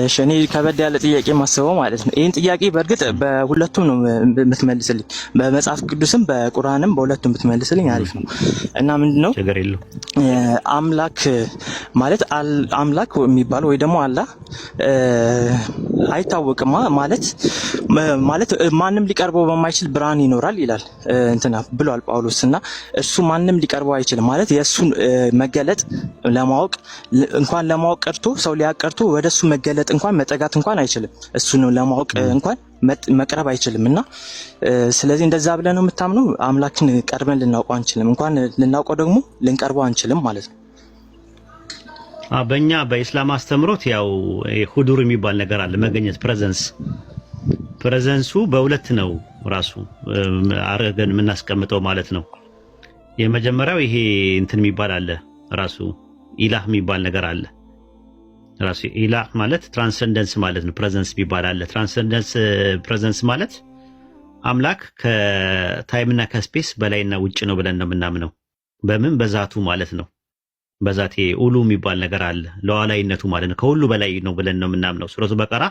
እሺ እኔ ከበድ ያለ ጥያቄ ማስበው ማለት ነው። ይህን ጥያቄ በእርግጥ በሁለቱም ነው የምትመልስልኝ፣ በመጽሐፍ ቅዱስም በቁርአንም በሁለቱም ብትመልስልኝ አሪፍ ነው እና ምንድን አምላክ ማለት አምላክ የሚባለው ወይ ደግሞ አላ አይታወቅማ ማለት ማለት ማንም ሊቀርበው በማይችል ብርሃን ይኖራል ይላል እንትና ብሏል ጳውሎስ እና እሱ ማንም ሊቀርበው አይችልም ማለት የእሱን መገለጥ ለማወቅ እንኳን ለማወቅ ቀርቶ ሰው ሊያቀርቶ ወደ እሱ መገለጥ ማምለጥ እንኳን መጠጋት እንኳን አይችልም። እሱን ለማወቅ እንኳን መቅረብ አይችልም። እና ስለዚህ እንደዛ ብለህ ነው የምታምነው? አምላክን ቀርበን ልናውቀው አንችልም፣ እንኳን ልናውቀው ደግሞ ልንቀርበው አንችልም ማለት ነው። በእኛ በኢስላም አስተምሮት ያው ሁዱር የሚባል ነገር አለ፣ መገኘት ፕሬዘንስ። ፕሬዘንሱ በሁለት ነው ራሱ አርገን የምናስቀምጠው ማለት ነው። የመጀመሪያው ይሄ እንትን የሚባል አለ ራሱ ኢላህ የሚባል ነገር አለ ራሱ ኢላ ማለት ትራንሰንደንስ ማለት ነው። ፕሬዘንስ የሚባል አለ። ትራንሰንደንስ ፕሬዘንስ ማለት አምላክ ከታይምና ከስፔስ በላይና ውጭ ነው ብለን ነው የምናምነው። በምን በዛቱ ማለት ነው። በዛቴ ኡሉ የሚባል ነገር አለ። ለዋላይነቱ ማለት ነው። ከሁሉ በላይ ነው ብለን ነው የምናምነው። ሱረቱ በቀራ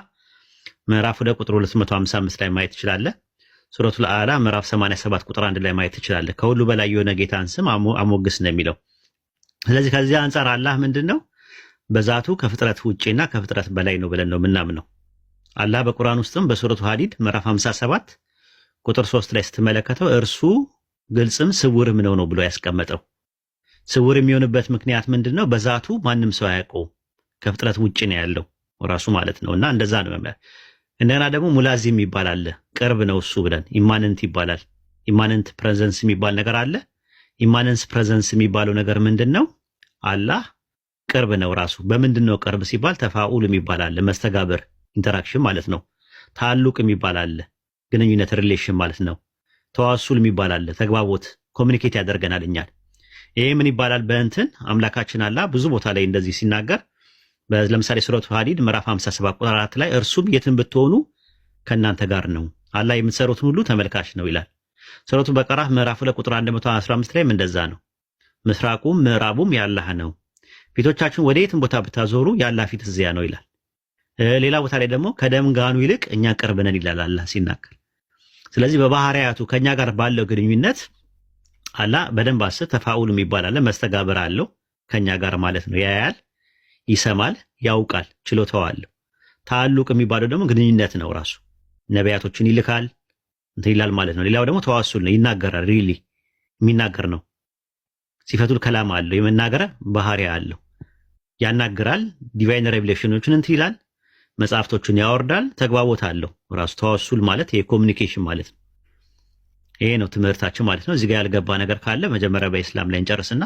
ምዕራፍ ሁለት ቁጥር 255 ላይ ማየት ትችላለህ። ሱረቱ ለአላ ምዕራፍ 87 ቁጥር አንድ ላይ ማየት ትችላለህ። ከሁሉ በላይ የሆነ ጌታን ስም አሞግስ ነው የሚለው። ስለዚህ ከዚህ አንጻር አላህ ምንድን ነው በዛቱ ከፍጥረት ውጪና ከፍጥረት በላይ ነው ብለን ነው የምናምነው። አላህ በቁርአን ውስጥም በሱረቱ ሐዲድ ምዕራፍ 57 ቁጥር 3 ላይ ስትመለከተው እርሱ ግልጽም ስውርም ነው ነው ብሎ ያስቀመጠው። ስውር የሚሆንበት ምክንያት ምንድን ነው? በዛቱ ማንም ሰው አያውቀው ከፍጥረት ውጪ ነው ያለው ራሱ ማለት ነው። እና እንደዛ ነው። እንደገና ደግሞ ሙላዚም የሚባል አለ፣ ቅርብ ነው እሱ ብለን ኢማነንት ይባላል። ኢማነንት ፕሬዘንስ የሚባል ነገር አለ። ኢማነንስ ፕሬዘንስ የሚባለው ነገር ምንድን ነው? አላህ ቅርብ ነው ራሱ። በምንድን ነው ቅርብ ሲባል ተፋኡል የሚባል አለ፣ መስተጋብር ኢንተራክሽን ማለት ነው። ታሉቅ የሚባል አለ፣ ግንኙነት ሪሌሽን ማለት ነው። ተዋሱል የሚባል አለ፣ ተግባቦት ኮሚኒኬት ያደርገናል እኛል። ይሄ ምን ይባላል? በእንትን አምላካችን አላ ብዙ ቦታ ላይ እንደዚህ ሲናገር ለምሳሌ ሱረቱ ሀዲድ ምዕራፍ 57 ቁጥር 4 ላይ እርሱም የትን ብትሆኑ ከእናንተ ጋር ነው፣ አላ የምትሰሩትን ሁሉ ተመልካች ነው ይላል። ሱረቱ በቀራ ምዕራፍ 2 ቁጥር 115 ላይም እንደዛ ነው። ምስራቁም ምዕራቡም ያላህ ነው ፊቶቻችን ወደ የትም ቦታ ብታዞሩ የአላህ ፊት እዚያ ነው ይላል። ሌላ ቦታ ላይ ደግሞ ከደምጋኑ ይልቅ እኛ ቅርብ ነን ይላል አላህ ሲናገር። ስለዚህ በባህሪያቱ ከእኛ ጋር ባለው ግንኙነት አላህ በደንብ አስር ተፋኡል የሚባል አለ መስተጋብር አለው ከእኛ ጋር ማለት ነው። ያያል፣ ይሰማል፣ ያውቃል፣ ችሎታው አለው። ታሉቅ የሚባለው ደግሞ ግንኙነት ነው። ራሱ ነቢያቶችን ይልካል እንትን ይላል ማለት ነው። ሌላው ደግሞ ተዋሱል ነው፣ ይናገራል። ሪሊ የሚናገር ነው። ሲፈቱል ከላም አለው የመናገረ ባህሪ አለው። ያናግራል፣ ዲቫይን ሬቭሌሽኖችን እንትን ይላል፣ መጽሐፍቶችን ያወርዳል፣ ተግባቦት አለው። ራሱ ተዋሱል ማለት የኮሚኒኬሽን ማለት ነው። ይሄ ነው ትምህርታችን ማለት ነው። እዚህ ያልገባ ነገር ካለ መጀመሪያ በኢስላም ላይ እንጨርስና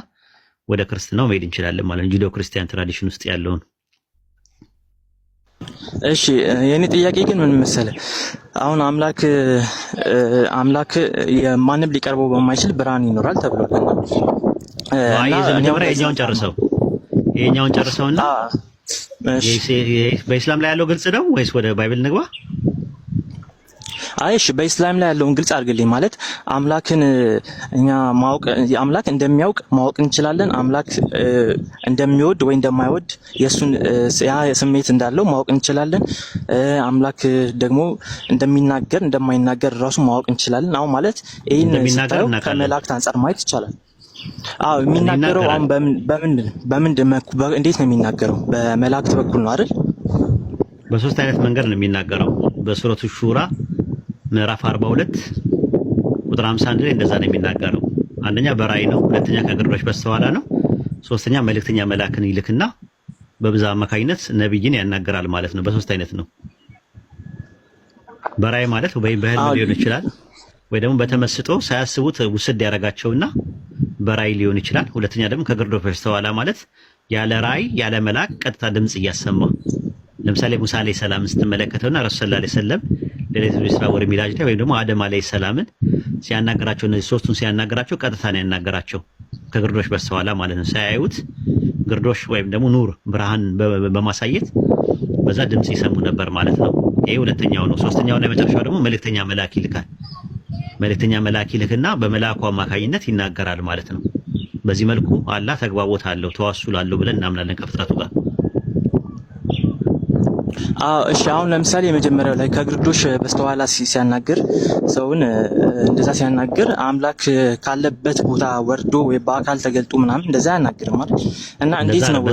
ወደ ክርስትናው መሄድ እንችላለን ማለት ነው። ክርስቲያን ትራዲሽን ውስጥ ያለውን እሺ የኔ ጥያቄ ግን ምን መሰለ፣ አሁን አምላክ አምላክ የማንም ሊቀርበው በማይችል ብርሃን ይኖራል ተብሏል። መጀመሪያ የኛውን ጨርሰው የኛውን ጨርሰውና በኢስላም ላይ ያለው ግልጽ ነው ወይስ ወደ ባይብል ንግባ? አይሽ በኢስላም ላይ ያለውን ግልጽ አድርግልኝ። ማለት አምላክን እኛ ማወቅ አምላክ እንደሚያውቅ ማወቅ እንችላለን። አምላክ እንደሚወድ ወይ እንደማይወድ የሱን ያ ስሜት እንዳለው ማወቅ እንችላለን። አምላክ ደግሞ እንደሚናገር እንደማይናገር ራሱ ማወቅ እንችላለን። አሁን ማለት ይህን ስታየው ከመላእክት አንጻር ማየት ይቻላል። አዎ የሚናገረው አሁን በምን በምን እንዴት ነው የሚናገረው? በመላእክት በኩል ነው አይደል? በሶስት አይነት መንገድ ነው የሚናገረው። በሱረቱ ሹራ ምዕራፍ 42 ቁጥር 51 ላይ እንደዛ ነው የሚናገረው። አንደኛ በራእይ ነው፣ ሁለተኛ ከግርዶች በስተኋላ ነው፣ ሶስተኛ መልእክተኛ መልአክን ይልክና በብዛ አማካኝነት ነብይን ያናገራል ማለት ነው። በሶስት አይነት ነው። በራእይ ማለት ወይ በህልም ሊሆን ይችላል፣ ወይ ደግሞ በተመስጦ ሳያስቡት ውስድ ያደርጋቸውና በራይ ሊሆን ይችላል። ሁለተኛ ደግሞ ከግርዶሽ በስተኋላ ማለት ያለ ራይ ያለ መልአክ ቀጥታ ድምፅ እያሰማ ለምሳሌ ሙሳ አለይሂ ሰላም ስትመለከተውና ረሱል ሰለም ዐለይሂ ወሰለም ለሌሊቱ ኢስራ ላይ ወይም ደግሞ አደም አለይሂ ሰላምን ሲያናገራቸው እነዚህ ሶስቱን ሲያናገራቸው ቀጥታ ነው ያናገራቸው ከግርዶሽ በስተኋላ ማለት ነው። ሳያዩት ግርዶሽ ወይም ደግሞ ኑር ብርሃን በማሳየት በዛ ድምፅ ይሰሙ ነበር ማለት ነው። ይሄ ሁለተኛው ነው። ሶስተኛውና የመጨረሻው ደግሞ መልእክተኛ መልአክ ይልካል። መልእክተኛ መልአክ ይልክና በመልአኩ አማካኝነት ይናገራል ማለት ነው። በዚህ መልኩ አላህ ተግባቦት አለው ተዋሱል አለው ብለን እናምናለን ከፍጥረቱ ጋር። አዎ እሺ። አሁን ለምሳሌ የመጀመሪያው ላይ ከግርዶሽ በስተኋላ ሲያናግር ሰውን እንደዛ ሲያናግር አምላክ ካለበት ቦታ ወርዶ ወይ በአካል ተገልጦ ምናምን እንደዛ ያናግር ማለት እና እንዴት ነው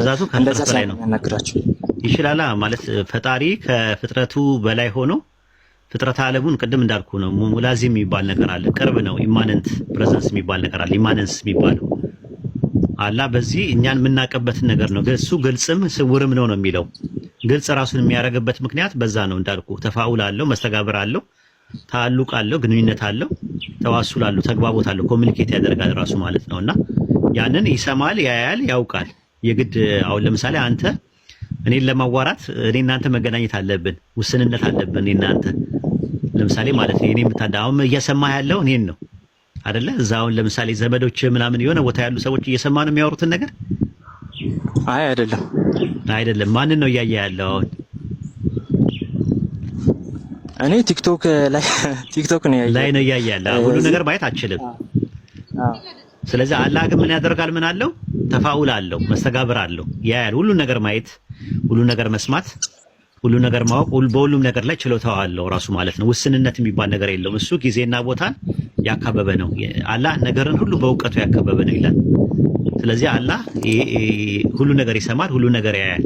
እንደዛ ሲያናግራቸው ይችላላ ማለት ፈጣሪ ከፍጥረቱ በላይ ሆኖ ፍጥረት ዓለሙን ቅድም እንዳልኩ ነው። ሙላዚም የሚባል ነገር አለ፣ ቅርብ ነው። ኢማነንት ፕሬዘንስ የሚባል ነገር አለ። ኢማነንስ የሚባለው አላ በዚህ እኛን የምናውቅበትን ነገር ነው። እሱ ግልጽም ስውርም ነው ነው የሚለው ግልጽ ራሱን የሚያደርግበት ምክንያት በዛ ነው እንዳልኩ፣ ተፋውል አለው፣ መስተጋብር አለው፣ ታሉቅ አለው፣ ግንኙነት አለው፣ ተዋሱል አለው፣ ተግባቦት አለው፣ ኮሚኒኬት ያደርጋል ራሱ ማለት ነውና ያንን ይሰማል፣ ያያል፣ ያውቃል። የግድ አሁን ለምሳሌ አንተ እኔን ለማዋራት እኔ እናንተ መገናኘት አለብን፣ ውስንነት አለብን እኔ እናንተ ለምሳሌ ማለት ነው። እኔ የምታዳሁም እየሰማ ያለው እኔን ነው አይደለ? እዛውን ለምሳሌ ዘመዶች ምናምን የሆነ ቦታ ያሉ ሰዎች እየሰማ ነው የሚያወሩትን ነገር። አይ አይደለም፣ አይደለም። ማንን ነው እያየ ያለው አሁን? እኔ ቲክቶክ ላይ ቲክቶክ ነው ያየ ላይ ነው እያየ ያለው። ሁሉ ነገር ማየት አችልም። ስለዚህ አላህ ግን ምን ያደርጋል? ምን አለው? ተፋውል አለው፣ መስተጋብር አለው። ያያል፣ ሁሉ ነገር ማየት፣ ሁሉ ነገር መስማት ሁሉ ነገር ማወቅ በሁሉም ነገር ላይ ችሎታው አለው ራሱ ማለት ነው። ውስንነት የሚባል ነገር የለውም። እሱ ጊዜና ቦታን ያካበበ ነው። አላህ ነገርን ሁሉ በእውቀቱ ያካበበ ነው ይላል። ስለዚህ አላህ ሁሉ ነገር ይሰማል፣ ሁሉ ነገር ያያል።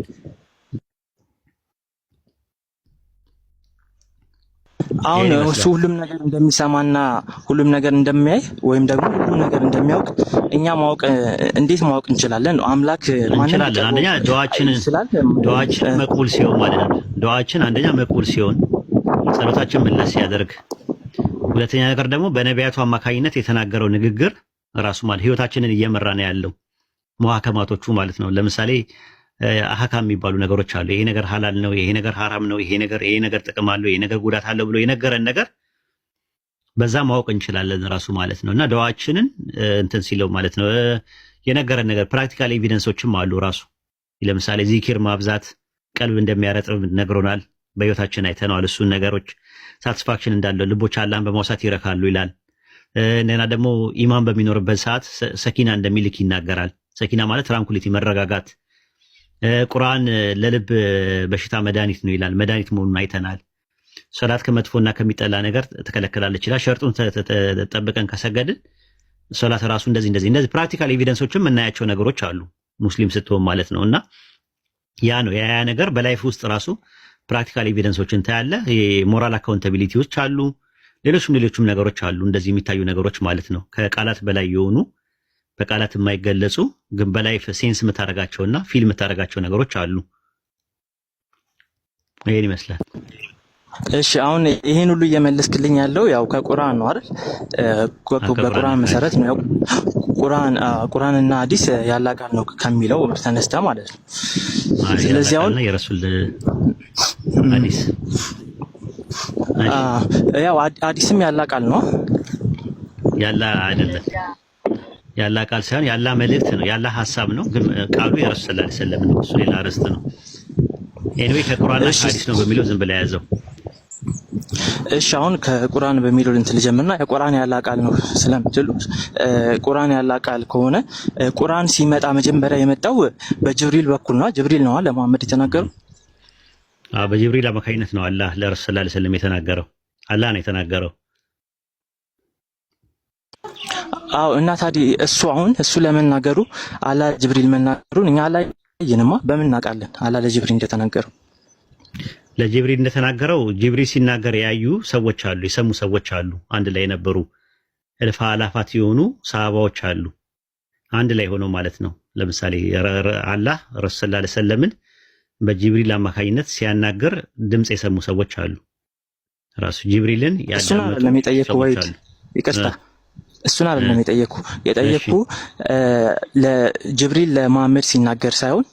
አሁን እሱ ሁሉም ነገር እንደሚሰማና ሁሉም ነገር እንደሚያይ ወይም ደግሞ ሁሉም ነገር እንደሚያውቅ እኛ ማወቅ እንዴት ማወቅ እንችላለን? አምላክ እንችላለን። አንደኛ ዱዓችንን ዶዋችን መቅቡል ሲሆን ማለት ነው ዱዓችን አንደኛ መቅቡል ሲሆን ጸሎታችን ምላሽ ሲያደርግ፣ ሁለተኛ ነገር ደግሞ በነቢያቱ አማካኝነት የተናገረው ንግግር ራሱ ማለት ህይወታችንን እየመራ ነው ያለው መሐከማቶቹ ማለት ነው። ለምሳሌ አህካም የሚባሉ ነገሮች አሉ። ይሄ ነገር ሐላል ነው፣ ይሄ ነገር ሐራም ነው፣ ይሄ ነገር ይሄ ነገር ጥቅም አለው፣ ይሄ ነገር ጉዳት አለው ብሎ የነገረን ነገር በዛ ማወቅ እንችላለን ራሱ ማለት ነው። እና ደዋችንን እንትን ሲለው ማለት ነው የነገረን ነገር ፕራክቲካል ኤቪደንሶችም አሉ ራሱ ለምሳሌ ዚኪር ማብዛት ቀልብ እንደሚያረጥብ ነግሮናል። በህይወታችን አይተነዋል። እሱን ነገሮች ሳትስፋክሽን እንዳለው ልቦች አላህን በማውሳት ይረካሉ ይላል። እንደና ደግሞ ኢማን በሚኖርበት ሰዓት ሰኪና እንደሚልክ ይናገራል። ሰኪና ማለት ትራንኩሊቲ፣ መረጋጋት። ቁርአን ለልብ በሽታ መድኃኒት ነው ይላል። መድኃኒት መሆኑን አይተናል። ሶላት ከመጥፎና ከሚጠላ ነገር ተከለከላል ይላል። ሸርጡን ጠብቀን ከሰገድን ሶላት ራሱ እንደዚህ እንደዚህ እንደዚህ ፕራክቲካል ኤቪደንሶችም እናያቸው ነገሮች አሉ ሙስሊም ስትሆን ማለት ነው እና ያ ነው ያ ነገር በላይፍ ውስጥ ራሱ ፕራክቲካል ኤቪደንሶችን ታያለ። የሞራል አካውንታቢሊቲዎች አሉ፣ ሌሎችም ሌሎችም ነገሮች አሉ። እንደዚህ የሚታዩ ነገሮች ማለት ነው። ከቃላት በላይ የሆኑ በቃላት የማይገለጹ ግን በላይፍ ሴንስ የምታደርጋቸውና ፊል የምታደርጋቸው ነገሮች አሉ። ይህን ይመስላል። እሺ አሁን ይሄን ሁሉ እየመለስክልኝ ያለው ያው ከቁርአን ነው አይደል? በቁርአን መሰረት ነው ያው ቁርአን ቁርአን እና ሐዲስ ያለ ቃል ነው ከሚለው ተነስተ ማለት ነው። ስለዚህ አሁን የረሱል ሐዲስ ያው ሐዲስም ያለ ቃል ነው ያለ አይደለም። ያለ ቃል ሳይሆን ያለ መልእክት ነው ያለ ሐሳብ ነው። ግን ቃሉ የረሱል ሰለላሁ ዐለይሂ ወሰለም ነው። እሱ ሌላ ርዕስ ነው። ኤኒዌይ ከቁርአን ሐዲስ ነው በሚለው ዝም ብለህ ያዘው። እሺ አሁን ከቁርአን በሚለው እንትን ልጀምርና ቁርአን ያለ ቃል ነው ስለምትሉ ቁርአን ያለ ቃል ከሆነ ቁርአን ሲመጣ መጀመሪያ የመጣው በጅብሪል በኩል ነው። ጅብሪል ነው መሐመድ የተናገረው። አዎ በጅብሪል አማካኝነት ነው አላህ ለረሱል ሰለላሁ ዐለይሂ ወሰለም የተናገረው። አላህ ነው የተናገረው። አዎ እና ታዲያ እሱ አሁን እሱ ለመናገሩ አላ ጅብሪል መናገሩን እኛ ላይ ይንማ በምን እናውቃለን? አላ ለጅብሪል እንደተናገረው ለጅብሪ እንደተናገረው ጅብሪ ሲናገር ያዩ ሰዎች አሉ፣ የሰሙ ሰዎች አሉ፣ አንድ ላይ የነበሩ እልፍ አላፋት የሆኑ ሰሃባዎች አሉ፣ አንድ ላይ ሆነው ማለት ነው። ለምሳሌ አላህ ረሱላ ለሰለምን በጅብሪል አማካኝነት ሲያናገር ድምፅ የሰሙ ሰዎች አሉ። ራሱ ጅብሪልን ያዳመጡ ሰዎች አሉ። እሱን አይደለም የጠየኩ የጠየኩ ለጅብሪል ለመሐመድ ሲናገር ሳይሆን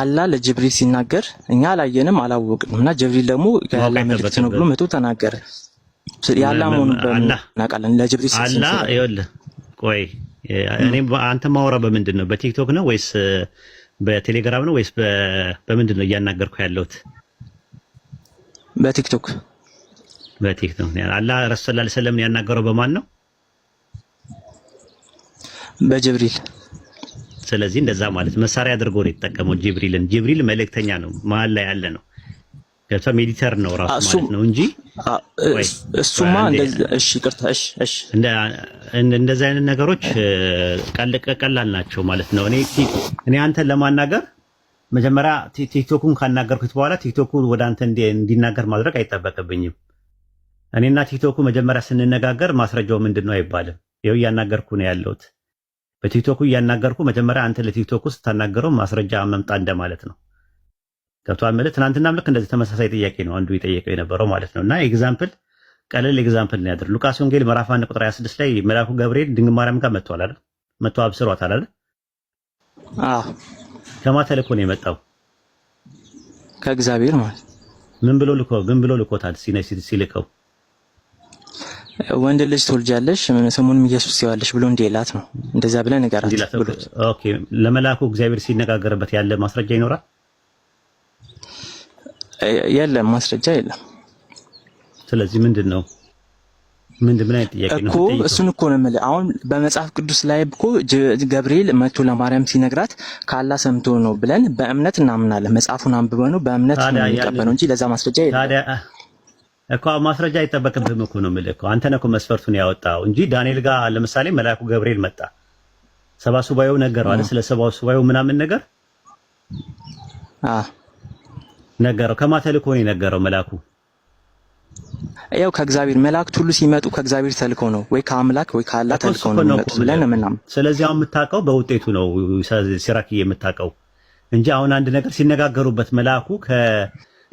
አላ ለጅብሪል ሲናገር እኛ አላየንም አላወቅንም እና ጅብሪል ደግሞ ያላ መልእክት ነው ብሎ መቶ ተናገረ። ያላ መሆኑ በናቃለን ለጅብሪል አላ ይወል ቆይ እኔም አንተ ማውራ በምንድን ነው? በቲክቶክ ነው ወይስ በቴሌግራም ነው ወይስ በምንድን ነው እያናገርኩ ያለሁት? በቲክቶክ በቲክቶክ አላ ረሱላህ ሰለላሁ ዐለይሂ ወሰለም ያናገረው በማን ነው? በጅብሪል ስለዚህ እንደዛ ማለት መሳሪያ አድርጎ ነው የተጠቀመው ጅብሪልን። ጅብሪል መልእክተኛ ነው፣ መሀል ላይ ያለ ነው። ገብቷል። ሜዲተር ነው ራሱ ማለት ነው እንጂ እሱማ እንደዚህ እሺ፣ አይነት ነገሮች ቀላል ናቸው ማለት ነው። እኔ እኔ አንተን ለማናገር መጀመሪያ ቲክቶኩን ካናገርኩት በኋላ ቲክቶኩ ወደ አንተ እንዲናገር ማድረግ አይጠበቅብኝም። እኔና ቲክቶኩ መጀመሪያ ስንነጋገር ማስረጃው ምንድን ነው አይባልም። ይኸው እያናገርኩ ነው ያለሁት። በቲክቶኩ እያናገርኩ መጀመሪያ አንተ ለቲክቶክ ውስጥ ታናገረው ማስረጃ መምጣ እንደማለት ነው። ገብቷል ማለት ትናንትና ልክ እንደዚህ ተመሳሳይ ጥያቄ ነው አንዱ የጠየቀው የነበረው ማለት ነው። እና ኤግዛምፕል ቀለል ኤግዛምፕል ነው ያደር ሉቃስ ወንጌል ምዕራፍ 1 ቁጥር 26 ላይ መልአኩ ገብርኤል ድንግል ማርያም ጋር መጥቷል አይደል? መጥቶ አብስሯታል አይደል? አዎ ከማ ተልኮ ነው የመጣው ከእግዚአብሔር ማለት ምን ብሎ ልኮ ምን ብሎ ልኮታል ሲልከው ወንድ ልጅ ትወልጃለሽ ስሙንም ኢየሱስ ትይዋለሽ ብሎ እንዲላት ነው። እንደዛ ብለህ ንገራት ብሎት። ኦኬ ለመላኩ እግዚአብሔር ሲነጋገርበት ያለ ማስረጃ ይኖራል? የለም፣ ማስረጃ የለም። ስለዚህ ምንድን ነው ምንድን ምን አይነት ጥያቄ ነው? እኮ? እሱን እኮ ነው የምልህ። አሁን በመጽሐፍ ቅዱስ ላይ እኮ ገብርኤል መጥቶ ለማርያም ሲነግራት ካላ ሰምቶ ነው ብለን በእምነት እናምናለን። መጽሐፉን አንብበ ነው በእምነት ነው የሚቀበለው እንጂ ለዛ ማስረጃ የለም። እኮ ማስረጃ አይጠበቅብህም እኮ ነው የምልህ እኮ አንተ ነህ እኮ መስፈርቱን ያወጣው እንጂ ዳንኤል ጋር ለምሳሌ መልአኩ ገብርኤል መጣ፣ ሰባ ሱባኤው ነገረው አለ ስለ ሰባ ሱባኤው ምናምን ነገር ነገረው። ከማን ተልኮ ነው የነገረው መልአኩ? ያው ከእግዚአብሔር መላእክት ሁሉ ሲመጡ ከእግዚአብሔር ተልኮ ነው ወይ ከአምላክ ወይ ከአላህ ተልኮ ነው የሚመጡት ብለን ምናምን። ስለዚህ አሁን የምታውቀው በውጤቱ ነው ሲራኪ የምታውቀው እንጂ አሁን አንድ ነገር ሲነጋገሩበት መልአኩ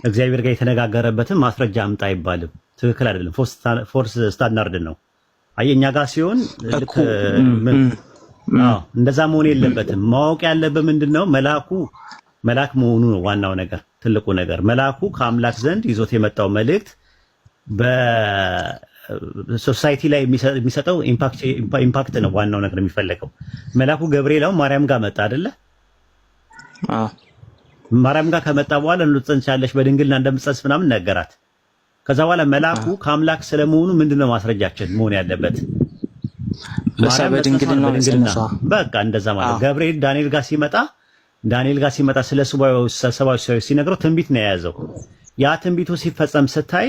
እግዚአብሔር ጋር የተነጋገረበትን ማስረጃ አምጣ አይባልም። ትክክል አይደለም። ፎርስ ስታንዳርድ ነው። አየ እኛ ጋር ሲሆን እንደዛ መሆን የለበትም። ማወቅ ያለበት ምንድን ነው? መልአኩ መልአክ መሆኑ ነው ዋናው ነገር፣ ትልቁ ነገር መልአኩ ከአምላክ ዘንድ ይዞት የመጣው መልእክት በሶሳይቲ ላይ የሚሰጠው ኢምፓክት ነው ዋናው ነገር የሚፈለገው። መልአኩ ገብርኤል አሁን ማርያም ጋር መጣ አይደለ? ማርያም ጋር ከመጣ በኋላ እንጸንሻለሽ በድንግልና እንደምጸንስ ምናምን ነገራት። ከዛ በኋላ መልአኩ ከአምላክ ስለመሆኑ ምንድነው ማስረጃችን መሆን ያለበት? እሷ በድንግልና በቃ እንደዛ ማለት ገብርኤል ዳንኤል ጋር ሲመጣ ዳንኤል ጋር ሲመጣ ስለ ሰባዊ ሰዎች ሲነግረው ትንቢት ነው የያዘው። ያ ትንቢቱ ሲፈጸም ስታይ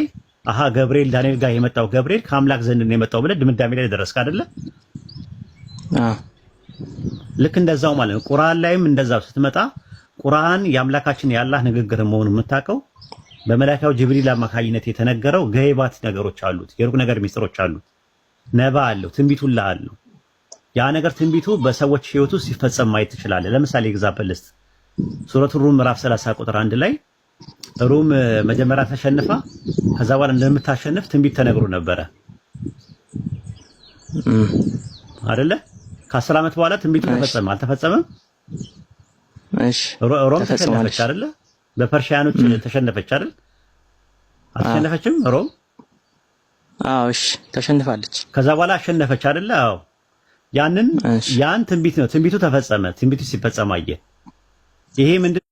አሃ ገብርኤል ዳንኤል ጋር የመጣው ገብርኤል ከአምላክ ዘንድ ነው የመጣው ብለህ ድምዳሜ ላይ ደረስክ አይደለ? ልክ እንደዛው ማለት ነው። ቁርአን ላይም እንደዛው ስትመጣ ቁርአን የአምላካችን የአላህ ንግግር መሆኑ የምታውቀው በመላእክያው ጅብሪል አማካኝነት የተነገረው ገይባት ነገሮች አሉት፣ የሩቅ ነገር ሚስጥሮች አሉት፣ ነባ አለው፣ ትንቢቱላ አለው። ያ ነገር ትንቢቱ በሰዎች ህይወት ውስጥ ሲፈጸም ማየት ትችላለህ። ለምሳሌ ኤግዛምፕል ልስጥ። ሱረቱ ሩም ምዕራፍ 30 ቁጥር አንድ ላይ ሩም መጀመሪያ ተሸንፋ ከዛ በኋላ እንደምታሸንፍ ትንቢት ተነግሮ ነበረ አይደለ? ከአስር ዓመት በኋላ ትንቢቱ ተፈጸመ አልተፈጸመም? ሮም ተሸነፈች አይደለ? በፐርሺያኖች ተሸነፈች አይደል? አልተሸነፈችም ሮም? አዎ፣ እሺ ተሸንፋለች። ከዛ በኋላ አሸነፈች አይደለ? አዎ። ያንን ያን ትንቢት ነው። ትንቢቱ ተፈጸመ። ትንቢቱ ሲፈጸም አየ። ይሄ ምንድነው?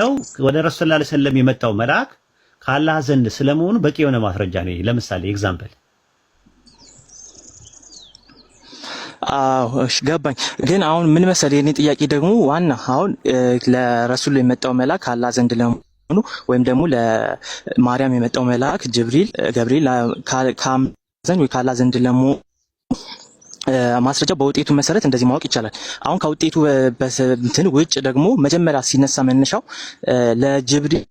ነው? ወደ ረሱላህ ሰለላሁ ዐለይሂ ወሰለም የመጣው መልአክ ከአላህ ዘንድ ስለመሆኑ በቂ የሆነ ማስረጃ ነው። ለምሳሌ ኤግዛምፕል ገባኝ። ግን አሁን ምን መሰለህ የኔ ጥያቄ ደግሞ ዋና አሁን ለረሱል የመጣው መልአክ አላህ ዘንድ ለመሆኑ ወይም ደግሞ ለማርያም የመጣው መልአክ ጅብሪል ገብርኤል ከአምላክ ወይ ከአላህ ዘንድ ለመሆኑ ማስረጃው በውጤቱ መሰረት እንደዚህ ማወቅ ይቻላል። አሁን ከውጤቱ እንትን ውጭ ደግሞ መጀመሪያ ሲነሳ መነሻው ለጅብሪል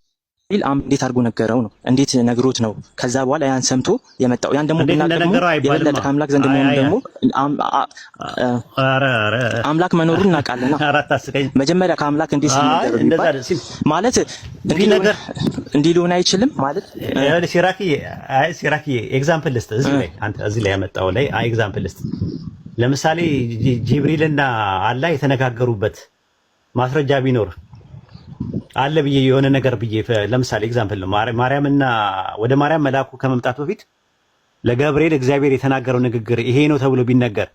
ቢል እንዴት አድርጎ ነገረው ነው? እንዴት ነግሮት ነው? ከዛ በኋላ ያን ሰምቶ የመጣው ያን ደግሞ የበለጠ ከአምላክ ዘንድ መሆኑ ደግሞ አምላክ መኖሩን እናውቃለና መጀመሪያ ከአምላክ እንዴት ሲነገር ማለት እንዲህ ሊሆን አይችልም ማለት ሲራኪ ኤግዛምፕል ልስጥ እዚህ ላይ አንተ እዚህ ላይ ያመጣው ላይ ኤግዛምፕል ልስጥ ለምሳሌ ጅብሪልና አላህ የተነጋገሩበት ማስረጃ ቢኖር አለ ብዬ የሆነ ነገር ብዬ ለምሳሌ ኤግዛምፕል ነው ማርያምና ወደ ማርያም መልአኩ ከመምጣት በፊት ለገብርኤል እግዚአብሔር የተናገረው ንግግር ይሄ ነው ተብሎ ቢነገር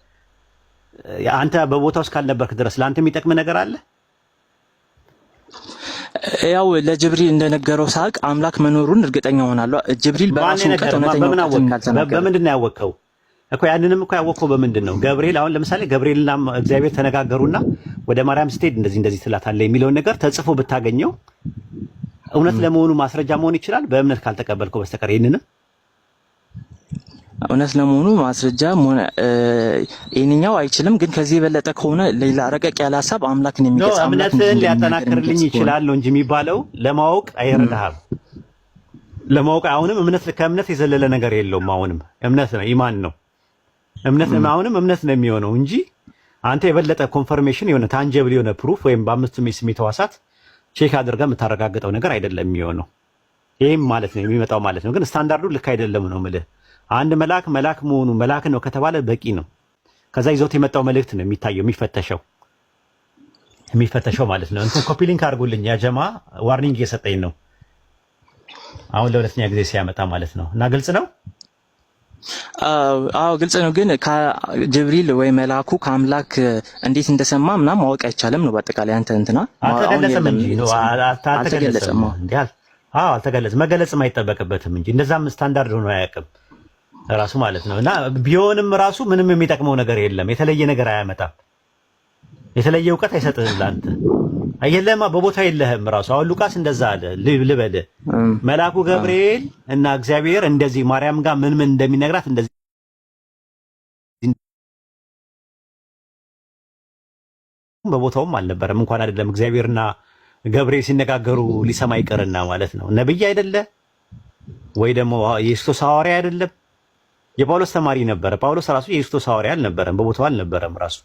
አንተ በቦታው እስካልነበርክ ድረስ ለአንተ የሚጠቅም ነገር አለ? ያው ለጅብሪል እንደነገረው ሳቅ አምላክ መኖሩን እርግጠኛ ሆናለሁ። ጅብሪል በራሱ እውቀት እውነተኛ በምንድን ነው እኮ ያንንም እኮ ያወቀው በምንድን ነው? ገብርኤል አሁን ለምሳሌ ገብርኤልና እግዚአብሔር ተነጋገሩና ወደ ማርያም ስትሄድ እንደዚህ እንደዚህ ትላታለህ የሚለውን ነገር ተጽፎ ብታገኘው እውነት ለመሆኑ ማስረጃ መሆን ይችላል፣ በእምነት ካልተቀበልከው በስተቀር ይህንንም እውነት ለመሆኑ ማስረጃ ሆነ ይህንኛው አይችልም። ግን ከዚህ የበለጠ ከሆነ ሌላ ረቀቅ ያለ ሀሳብ አምላክን የሚገልጽ እምነትን ሊያጠናክርልኝ ይችላል ነው እንጂ የሚባለው ለማወቅ አይረዳህም። ለማወቅ አሁንም እምነት ከእምነት የዘለለ ነገር የለውም። አሁንም እምነት ነው፣ ኢማን ነው። እምነት አሁንም እምነት ነው የሚሆነው እንጂ አንተ የበለጠ ኮንፈርሜሽን የሆነ ታንጀብል የሆነ ፕሩፍ ወይም በአምስቱም የስሜት ሕዋሳት ቼክ አድርጋ የምታረጋግጠው ነገር አይደለም የሚሆነው። ይህም ማለት ነው የሚመጣው ማለት ነው። ግን ስታንዳርዱ ልክ አይደለም ነው ምልህ። አንድ መልአክ መልአክ መሆኑ መልአክ ነው ከተባለ በቂ ነው። ከዛ ይዞት የመጣው መልእክት ነው የሚታየው የሚፈተሸው የሚፈተሸው ማለት ነው። እንትን ኮፒ ሊንክ አድርጎልኝ ያጀማ ዋርኒንግ እየሰጠኝ ነው አሁን ለሁለተኛ ጊዜ ሲያመጣ ማለት ነው እና ግልጽ ነው። አዎ ግልጽ ነው። ግን ጅብሪል ወይ መልአኩ ከአምላክ እንዴት እንደሰማ ምናምን ማወቅ አይቻልም ነው። በአጠቃላይ አንተ እንትና አልተገለጸም። አዎ አልተገለጸም። መገለጽም አይጠበቅበትም እንጂ እንደዛም ስታንዳርድ ሆኖ አያውቅም ራሱ ማለት ነው። እና ቢሆንም ራሱ ምንም የሚጠቅመው ነገር የለም። የተለየ ነገር አያመጣም። የተለየ እውቀት አይሰጥህም ለአንተ አየለማ በቦታ የለህም። ራሱ አሁን ሉቃስ እንደዛ አለ ልበል መልአኩ ገብርኤል እና እግዚአብሔር እንደዚህ ማርያም ጋር ምን ምን እንደሚነግራት እንደዚህ በቦታውም አልነበረም። እንኳን አይደለም እግዚአብሔርና ገብርኤል ሲነጋገሩ ሊሰማ ይቀርና ማለት ነው። ነብይ አይደለ ወይ ደግሞ የክርስቶስ ሐዋርያ አይደለም። የጳውሎስ ተማሪ ነበረ። ጳውሎስ ራሱ የክርስቶስ ሐዋርያ አልነበረም። በቦታው አልነበረም ራሱ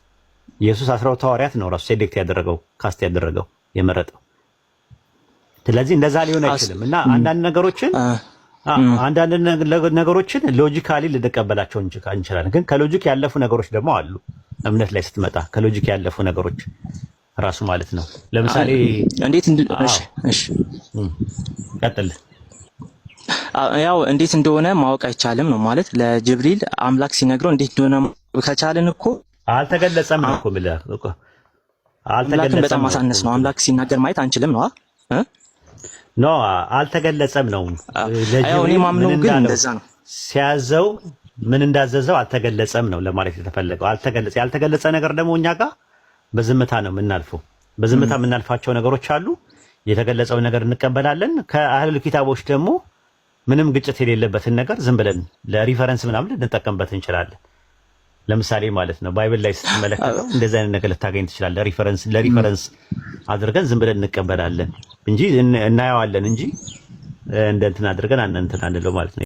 ኢየሱስ አስራ ሁለት ሐዋርያት ነው ራሱ ሴሌክት ያደረገው ካስት ያደረገው የመረጠው። ስለዚህ እንደዛ ሊሆን አይችልም እና አንዳንድ ነገሮችን አንዳንድ ነገሮችን ሎጂካሊ ልንቀበላቸው እንችላለን፣ ግን ከሎጂክ ያለፉ ነገሮች ደግሞ አሉ። እምነት ላይ ስትመጣ ከሎጂክ ያለፉ ነገሮች ራሱ ማለት ነው። ለምሳሌ እንዴት እሺ፣ ቀጥል ያው እንዴት እንደሆነ ማወቅ አይቻልም ነው ማለት ለጅብሪል አምላክ ሲነግረው እንዴት እንደሆነ ከቻልን እኮ አልተገለጸም ነው እኮ የምልህ። በጣም ማሳነስ ነው። አምላክ ሲናገር ማየት አንችልም ነው ኖ አልተገለጸም ነው። ለጅብሪል ምን ነው። ሲያዘው ምን እንዳዘዘው አልተገለጸም ነው ለማለት የተፈለገው። አልተገለጸ ያልተገለጸ ነገር ደግሞ እኛ ጋር በዝምታ ነው የምናልፈው። በዝምታ የምናልፋቸው ነገሮች አሉ። የተገለጸው ነገር እንቀበላለን። ከአህል ኪታቦች ደግሞ ምንም ግጭት የሌለበትን ነገር ዝም ብለን ለሪፈረንስ ምናምን ልንጠቀምበት እንችላለን። ለምሳሌ ማለት ነው ባይብል ላይ ስትመለከተው እንደዚህ አይነት ነገር ልታገኝ ትችላለህ። ሪፈረንስ ለሪፈረንስ አድርገን ዝም ብለን እንቀበላለን እንጂ እናየዋለን እንጂ እንደ እንትን አድርገን እንትን አንለው ማለት ነው።